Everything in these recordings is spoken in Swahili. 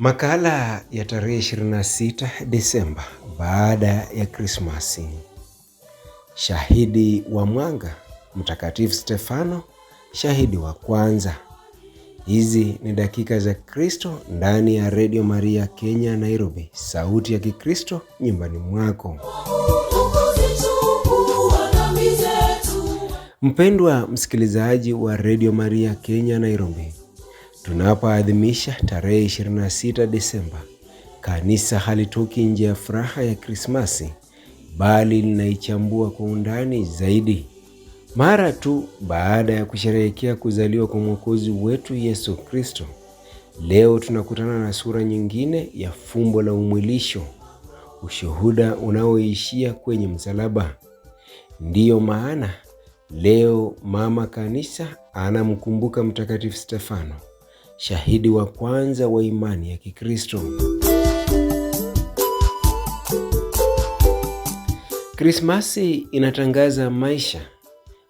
Makala ya tarehe 26 Desemba baada ya Krismasi. Shahidi wa mwanga, Mtakatifu Stefano, shahidi wa kwanza. Hizi ni dakika za Kristo ndani ya Redio Maria Kenya Nairobi, sauti ya Kikristo nyumbani mwako. Mpendwa msikilizaji wa Redio Maria Kenya Nairobi, Tunapoadhimisha tarehe 26 Desemba, kanisa halitoki nje ya furaha ya Krismasi, bali linaichambua kwa undani zaidi. Mara tu baada ya kusherehekea kuzaliwa kwa Mwokozi wetu Yesu Kristo, leo tunakutana na sura nyingine ya fumbo la umwilisho, ushuhuda unaoishia kwenye msalaba. Ndiyo maana leo Mama Kanisa anamkumbuka Mtakatifu Stefano shahidi wa kwanza wa imani ya Kikristo. Krismasi inatangaza maisha.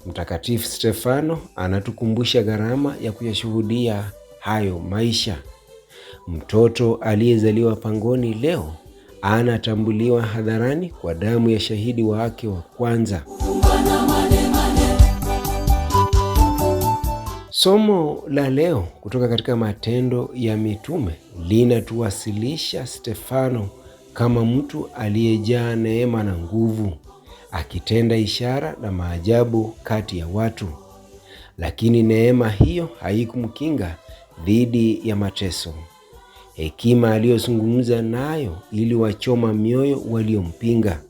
Mtakatifu Stefano anatukumbusha gharama ya kuyashuhudia hayo maisha. Mtoto aliyezaliwa pangoni leo anatambuliwa hadharani kwa damu ya shahidi wake wa kwanza. Somo la leo kutoka katika Matendo ya Mitume linatuwasilisha Stefano kama mtu aliyejaa neema na nguvu, akitenda ishara na maajabu kati ya watu, lakini neema hiyo haikumkinga dhidi ya mateso. Hekima aliyozungumza nayo ili wachoma mioyo waliompinga.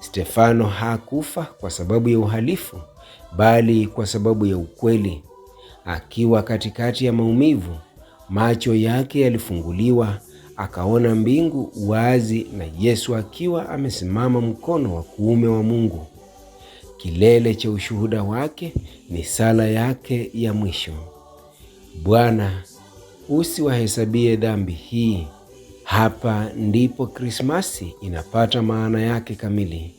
Stefano hakufa kwa sababu ya uhalifu, bali kwa sababu ya ukweli. Akiwa katikati ya maumivu, macho yake yalifunguliwa, akaona mbingu wazi na Yesu akiwa amesimama mkono wa kuume wa Mungu. Kilele cha ushuhuda wake ni sala yake ya mwisho: Bwana, usiwahesabie dhambi hii. Hapa ndipo Krismasi inapata maana yake kamili: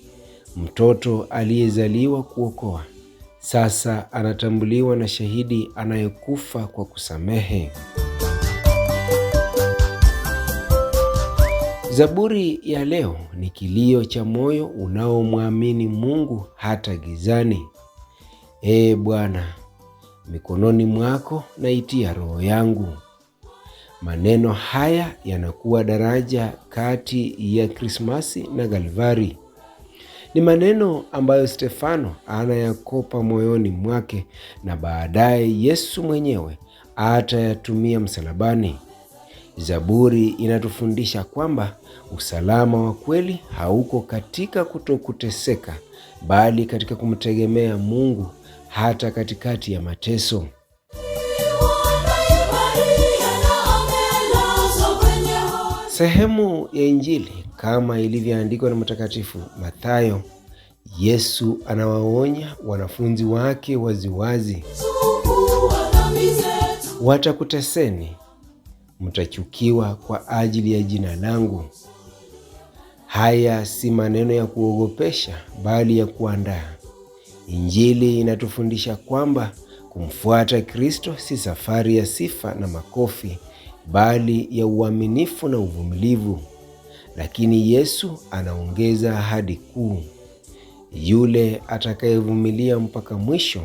mtoto aliyezaliwa kuokoa sasa anatambuliwa na shahidi anayekufa kwa kusamehe. Zaburi ya leo ni kilio cha moyo unaomwamini Mungu hata gizani. Ee Bwana, mikononi mwako naitia roho yangu. Maneno haya yanakuwa daraja kati ya Krismasi na Galvari. Ni maneno ambayo Stefano anayakopa moyoni mwake na baadaye Yesu mwenyewe atayatumia msalabani. Zaburi inatufundisha kwamba usalama wa kweli hauko katika kutokuteseka, bali katika kumtegemea Mungu hata katikati ya mateso. Sehemu ya Injili kama ilivyoandikwa na Mtakatifu Mathayo, Yesu anawaonya wanafunzi wake waziwazi, watakuteseni, mtachukiwa kwa ajili ya jina langu. Haya si maneno ya kuogopesha, bali ya kuandaa. Injili inatufundisha kwamba kumfuata Kristo si safari ya sifa na makofi, bali ya uaminifu na uvumilivu. Lakini Yesu anaongeza ahadi kuu, yule atakayevumilia mpaka mwisho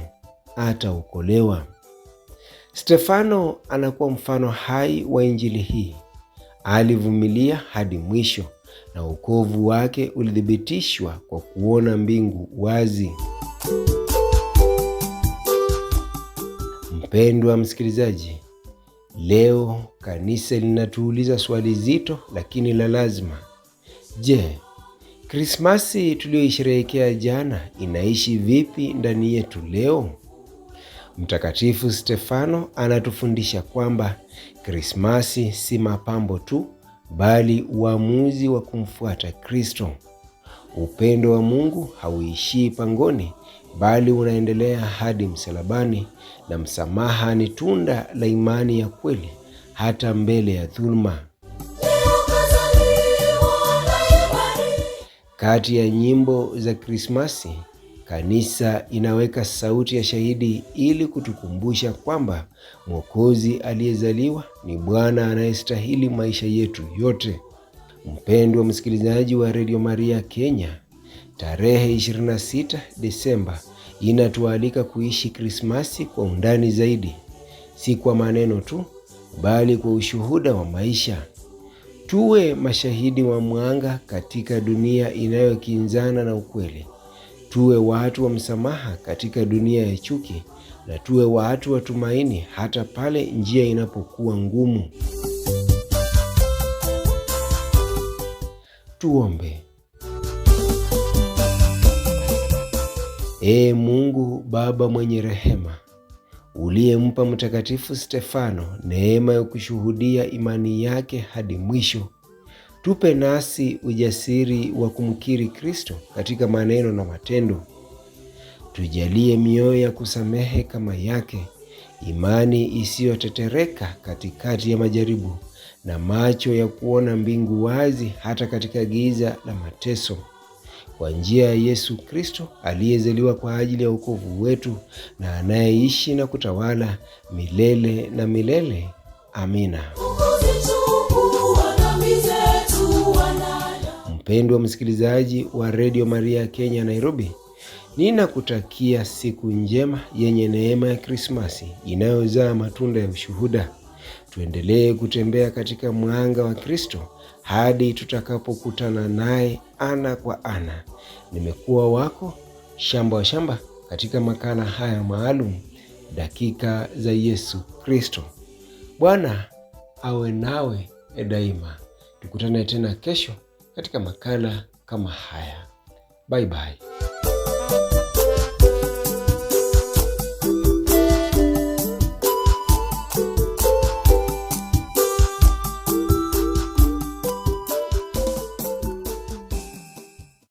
ataokolewa. Stefano anakuwa mfano hai wa injili hii. Alivumilia hadi mwisho na wokovu wake ulithibitishwa kwa kuona mbingu wazi. Mpendwa msikilizaji, Leo kanisa linatuuliza swali zito lakini la lazima. Je, Krismasi tuliyoisherehekea jana inaishi vipi ndani yetu leo? Mtakatifu Stefano anatufundisha kwamba Krismasi si mapambo tu, bali uamuzi wa kumfuata Kristo. Upendo wa Mungu hauishii pangoni, bali unaendelea hadi msalabani, na msamaha ni tunda la imani ya kweli hata mbele ya dhuluma. Kati ya nyimbo za Krismasi, kanisa inaweka sauti ya shahidi ili kutukumbusha kwamba Mwokozi aliyezaliwa ni Bwana anayestahili maisha yetu yote. Mpendwa msikilizaji wa Radio Maria Kenya, Tarehe 26 Desemba inatualika kuishi Krismasi kwa undani zaidi, si kwa maneno tu, bali kwa ushuhuda wa maisha. Tuwe mashahidi wa mwanga katika dunia inayokinzana na ukweli. Tuwe watu wa msamaha katika dunia ya chuki, na tuwe watu wa tumaini hata pale njia inapokuwa ngumu. Tuombe. Ee Mungu Baba mwenye rehema, uliyempa Mtakatifu Stefano neema ya kushuhudia imani yake hadi mwisho, tupe nasi ujasiri wa kumkiri Kristo katika maneno na matendo. Tujalie mioyo ya kusamehe kama yake, imani isiyotetereka katikati ya majaribu, na macho ya kuona mbingu wazi hata katika giza la mateso kwa njia ya Yesu Kristo aliyezaliwa kwa ajili ya wokovu wetu na anayeishi na kutawala milele na milele. Amina. Mpendwa msikilizaji wa redio Maria Kenya Nairobi, ninakutakia siku njema yenye neema ya Krismasi inayozaa matunda ya ushuhuda. Tuendelee kutembea katika mwanga wa Kristo hadi tutakapokutana naye ana kwa ana. Nimekuwa wako Shamba wa Shamba katika makala haya maalum, dakika za Yesu Kristo. Bwana awe nawe daima. Tukutane tena kesho katika makala kama haya. Bye bye.